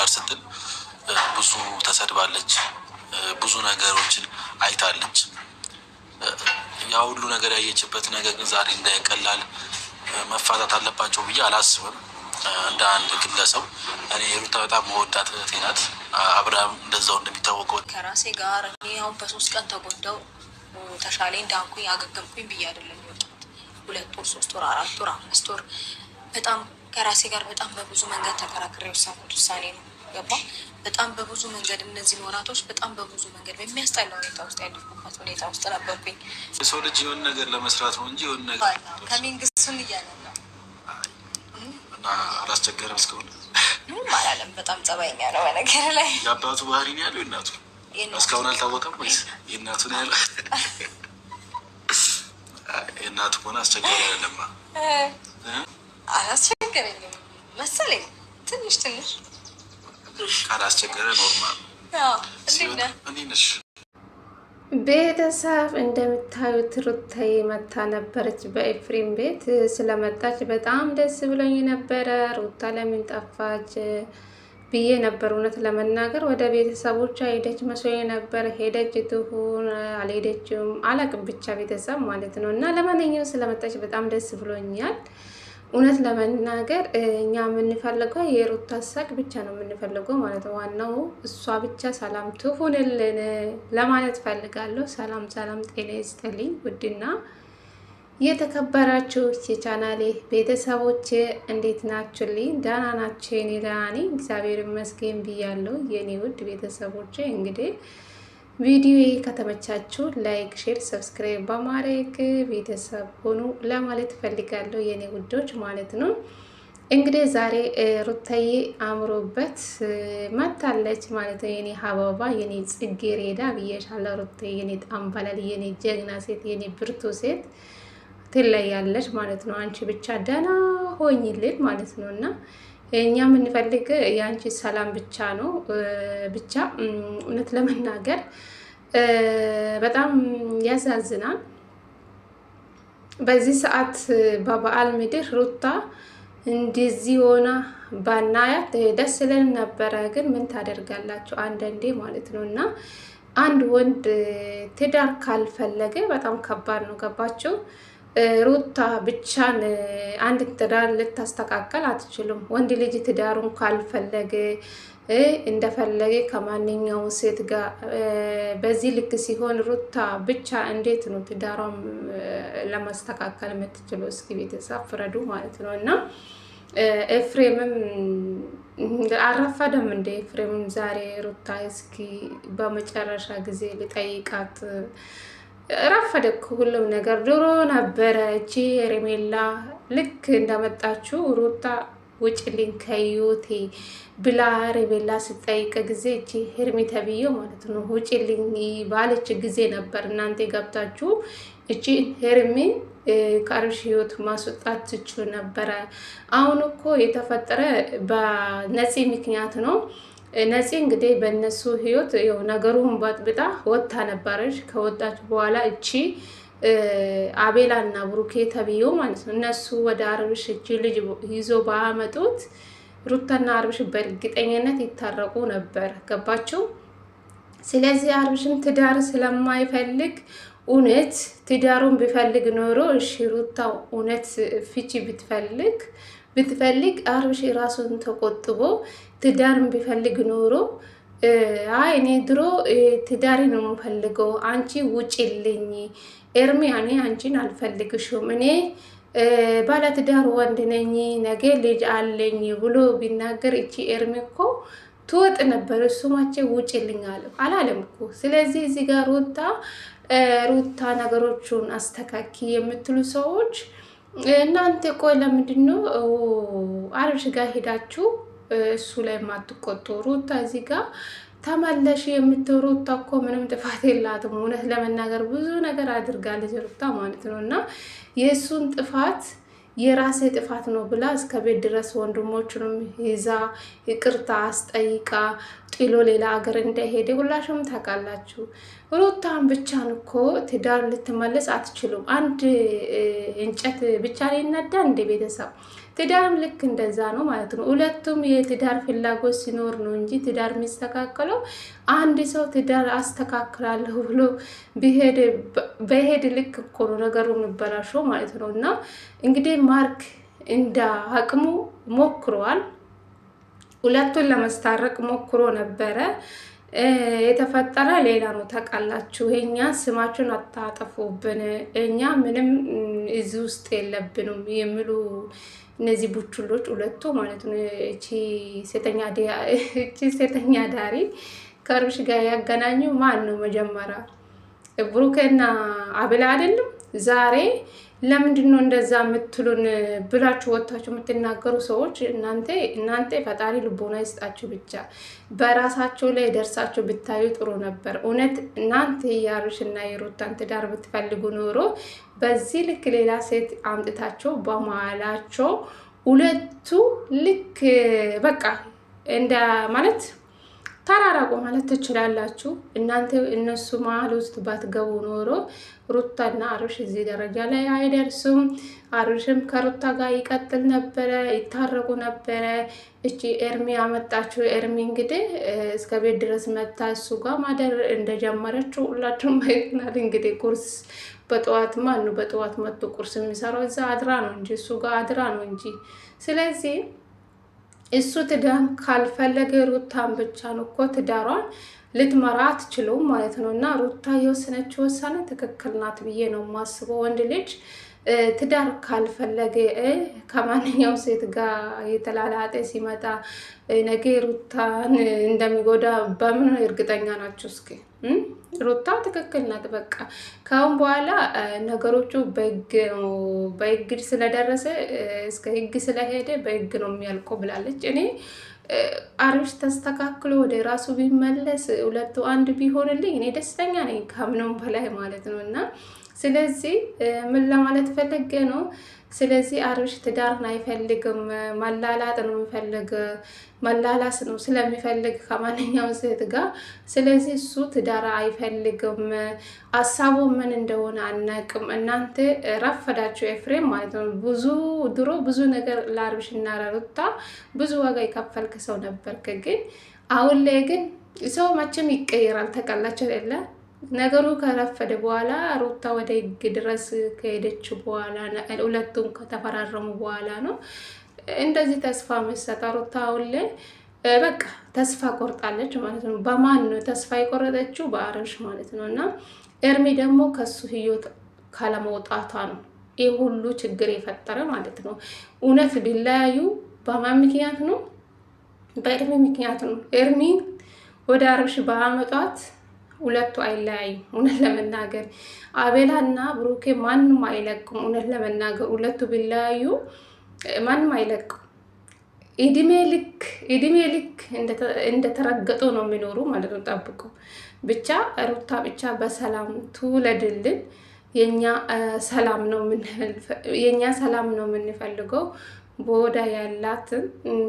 ጋር ስትል ብዙ ተሰድባለች፣ ብዙ ነገሮችን አይታለች። ያ ሁሉ ነገር ያየችበት ነገር ግን ዛሬ እንዳይቀላል መፋታት አለባቸው ብዬ አላስብም። እንደ አንድ ግለሰብ እኔ ሩታ በጣም መወዳት እህቴ ናት። አብርሃም እንደዛው እንደሚታወቀው ከራሴ ጋር እኔ አሁን በሶስት ቀን ተጎዳው ተሻለ እንዳንኩኝ አገገምኩኝ ብዬ አይደለም የወጣሁት። ሁለት ወር፣ ሶስት ወር፣ አራት ወር፣ አምስት ወር በጣም ከራሴ ጋር በጣም በብዙ መንገድ ተከራክሬ የወሰንኩት ውሳኔ ነው። ገባ በጣም በብዙ መንገድ እነዚህን ወራቶች በጣም በብዙ መንገድ በሚያስጠላ ሁኔታ ውስጥ ያለፉበት ሁኔታ ውስጥ ነበርኩኝ። የሰው ልጅ የሆን ነገር ለመስራት ነው እንጂ የሆን ነገር ከመንግስቱን እያለ ነው እና አላስቸገረም እስከሆነ ምንም አላለም። በጣም ጸባይኛ ነው በነገር ላይ የአባቱ ባህሪ ነው ያለው እናቱ እስካሁን አልታወቀም ወይስ የእናቱ ነው ያለው? የእናቱ ሆነ አስቸጋሪ አይደለም። አላስቸገረኝም መሰለኝ ትንሽ ትንሽ ካላስቸገረ ኖርማል እኔነሽ ቤተሰብ እንደምታዩት ሩታዬ መታ ነበረች። በኤፍሬም ቤት ስለመጣች በጣም ደስ ብሎኝ ነበረ። ሩታ ለምን ጠፋች ብዬ ነበር። እውነት ለመናገር ወደ ቤተሰቦቿ ሄደች መስሎኝ ነበር። ሄደች ትሁን አልሄደችም አላቅም፣ ብቻ ቤተሰብ ማለት ነው። እና ለማንኛውም ስለመጣች በጣም ደስ ብሎኛል። እውነት ለመናገር እኛ የምንፈልገው የሩታ ሳቅ ብቻ ነው የምንፈልገው ማለት ነው። ዋናው እሷ ብቻ ሰላም ትሁንልን ለማለት ፈልጋለሁ። ሰላም ሰላም፣ ጤና ይስጥልኝ ውድና የተከበራችሁ የቻናሌ ቤተሰቦች እንዴት ናችሁልኝ? ደህና ናችሁ? የኔ ደህና ነኝ እግዚአብሔር ይመስገን ብያለሁ። የኔ ውድ ቤተሰቦች እንግዲህ ቪዲዮ ከተመቻችሁ ላይክ፣ ሼር፣ ሰብስክራይብ በማድረግ ቤተሰብ ሆኑ ለማለት ፈልጋለሁ የኔ ውዶች ማለት ነው። እንግዲህ ዛሬ ሩታዬ አምሮበት መታለች ማለት ነው። የኔ አበባ የኔ ጽጌረዳ ብዬሻለሁ። ሩታዬ የኔ ጣምባላል የኔ ጀግና ሴት የኔ ብርቱ ሴት ትለያለች ማለት ነው። አንቺ ብቻ ደህና ሆኝልን ማለት ነው እና እኛ የምንፈልግ የአንቺ ሰላም ብቻ ነው። ብቻ እውነት ለመናገር በጣም ያሳዝናል። በዚህ ሰዓት በበዓል ምድር ሩታ እንደዚህ ሆና ባናያት ደስ ይለን ነበረ። ግን ምን ታደርጋላችሁ አንዳንዴ ማለት ነው እና አንድ ወንድ ትዳር ካልፈለገ በጣም ከባድ ነው። ገባችሁ? ሩታ ብቻን አንድ ትዳር ልታስተካከል አትችሉም ወንድ ልጅ ትዳሩን ካልፈለገ እንደፈለገ ከማንኛው ሴት ጋር በዚህ ልክ ሲሆን ሩታ ብቻ እንዴት ነው ትዳሯን ለማስተካከል የምትችለው? እስኪ ቤተሰብ ፍረዱ ማለት ነው። እና ኤፍሬምም አረፈደም እንደ ኤፍሬምም ዛሬ ሩታ እስኪ በመጨረሻ ጊዜ ልጠይቃት ረፈደኩ ሁሉም ነገር ድሮ ነበረ። እቺ ሄርሜላ ልክ እንደመጣችው ሩታ ውጭልኝ ከዩቴ ብላ ሄርሜላ ስጠይቅ ጊዜ እቺ ሄርሜ ተብዬው ማለት ነው ውጭልኝ ባለች ጊዜ ነበር እናንተ ገብታችሁ እቺ ሄርሜ ከአብርሽ ህይወት ማስወጣት ትችሉ ነበረ። አሁን እኮ የተፈጠረ በነፂ ምክንያት ነው። ነፂ እንግዲህ በእነሱ ህይወት ው ነገሩን ባጥብጣ ወታ ነበረች። ከወጣች በኋላ እቺ አቤላ እና ብሩኬ ተብዮ ማለት ነው እነሱ ወደ አርብሽ እቺ ልጅ ይዞ ባመጡት ሩታና አርብሽ በእርግጠኝነት ይታረቁ ነበር። ገባቸው። ስለዚህ አርብሽም ትዳር ስለማይፈልግ እውነት ትዳሩን ቢፈልግ ኖሮ እሺ ሩታ እውነት ፍቺ ብትፈልግ ብትፈልግ አብርሽ ራሱን ተቆጥቦ ትዳርን ቢፈልግ ኖሮ አይ እኔ ድሮ ትዳሪ ነው የምፈልገው፣ አንቺ ውጭልኝ፣ ኤርሚ እኔ አንቺን አልፈልግሽም፣ እኔ ባለትዳር ወንድ ነኝ፣ ነገ ልጅ አለኝ ብሎ ቢናገር እቺ ኤርሚ እኮ ትወጥ ነበር። እሱማቼ ውጭልኝ አላለም እኮ። ስለዚህ እዚህ ጋር ሩታ ሩታ ነገሮቹን አስተካኪ የምትሉ ሰዎች እናንተ ቆይ ለምንድን ነው አብርሽ ጋር ሄዳችሁ እሱ ላይ የማትቆጡ? ሩታ እዚህ ጋር ተመለሽ የምትሩ እኮ ምንም ጥፋት የላትም። እውነት ለመናገር ብዙ ነገር አድርጋለች ሩታ ማለት ነው እና የእሱን ጥፋት የራሴ ጥፋት ነው ብላ እስከ ቤት ድረስ ወንድሞቹንም ይዛ ይቅርታ አስጠይቃ ጥሎ ሌላ ሀገር እንዳይሄደ ሁላችሁም ታውቃላችሁ። ሩታን ብቻን እኮ ትዳር ልትመለስ አትችሉም። አንድ እንጨት ብቻ ይነዳ እንደ ቤተሰብ ትዳርም ልክ እንደዛ ነው ማለት ነው። ሁለቱም የትዳር ፍላጎት ሲኖር ነው እንጂ ትዳር የሚስተካከለው አንድ ሰው ትዳር አስተካክላለሁ ብሎ በሄድ ልክ እኮ ነው ነገሩ የሚበላሸው ማለት ነው። እና እንግዲህ ማርክ እንደ አቅሙ ሞክሯል። ሁለቱን ለመስታረቅ ሞክሮ ነበረ። የተፈጠረ ሌላ ነው። ታውቃላችሁ፣ እኛ ስማችን አታጠፉብን፣ እኛ ምንም እዚህ ውስጥ የለብንም የሚሉ እነዚህ ቡችሎች ሁለቱ ማለት ነው። እቺ ሴተኛ ዳሪ ከአብርሽ ጋር ያገናኘው ማን ነው? መጀመሪያ ብሩክና አቤል አይደለም ዛሬ ለምንድን ነው እንደዛ የምትሉን ብላችሁ ወጥታችሁ የምትናገሩ ሰዎች እናንተ እናንተ ፈጣሪ ልቦና ይስጣችሁ። ብቻ በራሳቸው ላይ ደርሳችሁ ብታዩ ጥሩ ነበር። እውነት እናንተ እና የሩታን ትዳር ብትፈልጉ ኖሮ በዚህ ልክ ሌላ ሴት አምጥታቸው በመሀላቸው ሁለቱ ልክ በቃ እንደ ማለት ተራራቁ ማለት ትችላላችሁ። እናንተ እነሱ መሀል ውስጥ ባትገቡ ኖሮ ሩታና አብርሽ እዚህ ደረጃ ላይ አይደርሱም። አብርሽም ከሩታ ጋር ይቀጥል ነበረ፣ ይታረቁ ነበረ። እቺ ኤርሚ ያመጣችው ኤርሚ እንግዲህ እስከ ቤት ድረስ መታ እሱ ጋር ማደር እንደጀመረችው ሁላችሁም አይተናል። እንግዲህ ቁርስ በጠዋት ማኑ በጠዋት መጥቶ ቁርስ የሚሰራው እዛ አድራ ነው እንጂ እሱ ጋር አድራ ነው እንጂ ስለዚህ እሱ ትዳም ካልፈለገ ሩታን ብቻ ነው እኮ ትዳሯን ልትመራ አትችሉም ማለት ነው። እና ሩታ የወሰነችው ውሳኔ ትክክል ናት ብዬ ነው የማስበው። ወንድ ልጅ ትዳር ካልፈለገ ከማንኛው ሴት ጋር የተላላጠ ሲመጣ ነገ ሩታን እንደሚጎዳ በምን እርግጠኛ ናቸው እስኪ? ሩታ ትክክል ናት። በቃ ካሁን በኋላ ነገሮቹ በህግ ነው በህግ ስለደረሰ እስከ ህግ ስለሄደ በህግ ነው የሚያልቆ ብላለች። እኔ አብርሽ ተስተካክሎ ወደ ራሱ ቢመለስ ሁለቱ አንድ ቢሆንልኝ እኔ ደስተኛ ነኝ ከምንም በላይ ማለት ነው እና ስለዚህ ምን ለማለት ፈለገ ነው? ስለዚህ አብርሽ ትዳርን አይፈልግም፣ መላላጥ ነው የሚፈልግ መላላስ ነው ስለሚፈልግ ከማንኛውም ሴት ጋር። ስለዚህ እሱ ትዳር አይፈልግም። ሀሳቡ ምን እንደሆነ አናቅም። እናንተ ረፈዳችሁ፣ ኤፍሬም ማለት ነው። ብዙ ድሮ ብዙ ነገር ለአብርሽ እና ለሩታ ብዙ ዋጋ የከፈልክ ሰው ነበርክ፣ ግን አሁን ላይ ግን ሰው መቼም ይቀየራል። ተቀላቸው የለ ነገሩ ከረፈደ በኋላ ሩታ ወደ ህግ ድረስ ከሄደች በኋላ ሁለቱም ከተፈራረሙ በኋላ ነው እንደዚህ ተስፋ መሰጠ። ሩታ አሁን በቃ ተስፋ ቆርጣለች ማለት ነው። በማን ነው ተስፋ የቆረጠችው? በአብርሽ ማለት ነው። እና ኤርሚ ደግሞ ከሱ ህይወት ካለመውጣቷ ነው ይህ ሁሉ ችግር የፈጠረ ማለት ነው። እውነት ቢለያዩ በማን ምክንያት ነው? በኤርሚ ምክንያት ነው። እርሚ ወደ አብርሽ በአመጧት ሁለቱ አይለያዩም። እውነት ለመናገር አቤላ እና ብሩኬ ማንም አይለቁም። እውነት ለመናገር ሁለቱ ቢለያዩ ማንም አይለቁም። እድሜ ልክ እድሜ ልክ እንደተረገጡ ነው የሚኖሩ ማለት ነው። ጠብቁ ብቻ ሩታ ብቻ በሰላም ትውለድልን። የኛ ሰላም ነው የምንፈልገው። ቦዳ ያላትን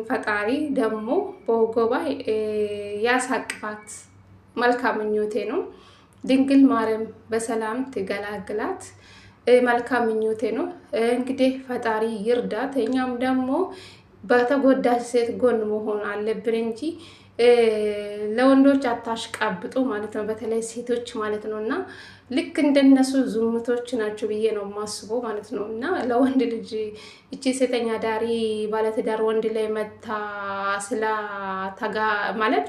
ፈጣሪ ደግሞ በጎባ ያሳቅፋት። መልካም ምኞቴ ነው። ድንግል ማርያም በሰላም ትገላግላት፣ መልካም ምኞቴ ነው። እንግዲህ ፈጣሪ ይርዳት። እኛም ደግሞ በተጎዳች ሴት ጎን መሆን አለብን እንጂ ለወንዶች አታሽቃብጡ ማለት ነው። በተለይ ሴቶች ማለት ነው እና ልክ እንደነሱ ዝሙቶች ናቸው ብዬ ነው የማስበው ማለት ነው እና ለወንድ ልጅ እቺ ሴተኛ ዳሪ ባለትዳር ወንድ ላይ መታ ስላ ተጋ ማለት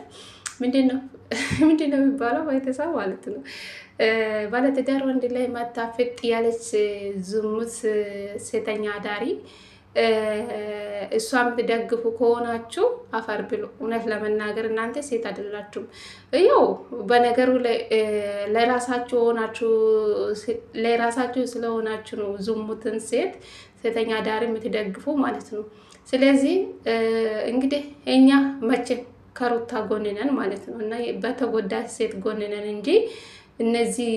ምንድን ነው ምንድን ነው የሚባለው? ባይተሳ ማለት ነው። ባለትዳር ወንድ ላይ መታፍጥ ያለች ዝሙት ሴተኛ አዳሪ እሷ የምትደግፉ ከሆናችሁ አፈር ብሎ እውነት ለመናገር እናንተ ሴት አይደላችሁም። ያው በነገሩ ለራሳችሁ ሆናችሁ ለራሳችሁ ስለሆናችሁ ነው ዝሙትን ሴት ሴተኛ አዳሪ የምትደግፉ ማለት ነው። ስለዚህ እንግዲህ እኛ መቼም ከሩታ ጎንነን ማለት ነው እና በተጎዳ ሴት ጎንነን እንጂ እነዚህ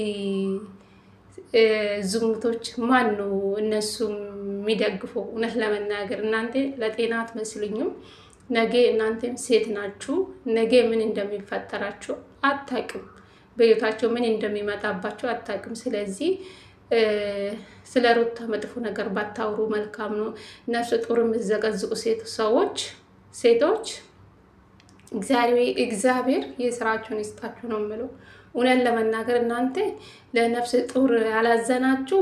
ዝሙቶች ማን ነው እነሱ የሚደግፉ እውነት ለመናገር እናንተ ለጤና አትመስልኝም። ነገ እናንተም ሴት ናችሁ። ነገ ምን እንደሚፈጠራችሁ አታቅም በህይወታቸው ምን እንደሚመጣባቸው አታቅም ስለዚህ ስለ ሩታ መጥፎ ነገር ባታውሩ መልካም ነው። ነፍሰ ጡር የምዘቀዝቁ ሴት ሰዎች ሴቶች እግዚአብሔር የስራችሁን ይስጣችሁ ነው የምለው። እውነት ለመናገር እናንተ ለነፍስ ጡር ያላዘናችሁ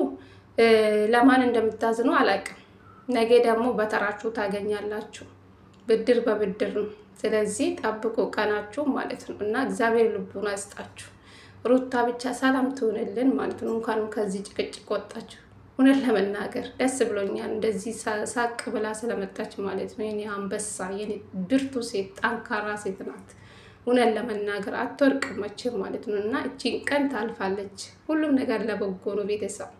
ለማን እንደምታዝኑ አላውቅም። ነገ ደግሞ በተራችሁ ታገኛላችሁ። ብድር በብድር ነው። ስለዚህ ጠብቁ ቀናችሁ ማለት ነው እና እግዚአብሔር ልቡን አይስጣችሁ። ሩታ ብቻ ሰላም ትሆንልን ማለት ነው። እንኳንም ከዚህ ጭቅጭቅ ወጣችሁ። እውነት ለመናገር ደስ ብሎኛል። እንደዚህ ሳቅ ብላ ስለመጣች ማለት ነው። የኔ አንበሳ፣ የኔ ብርቱ ሴት፣ ጠንካራ ሴት ናት። እውነት ለመናገር አትወርቅም መቼም ማለት ነው። እና እቺን ቀን ታልፋለች። ሁሉም ነገር ለበጎ ነው ቤተሰብ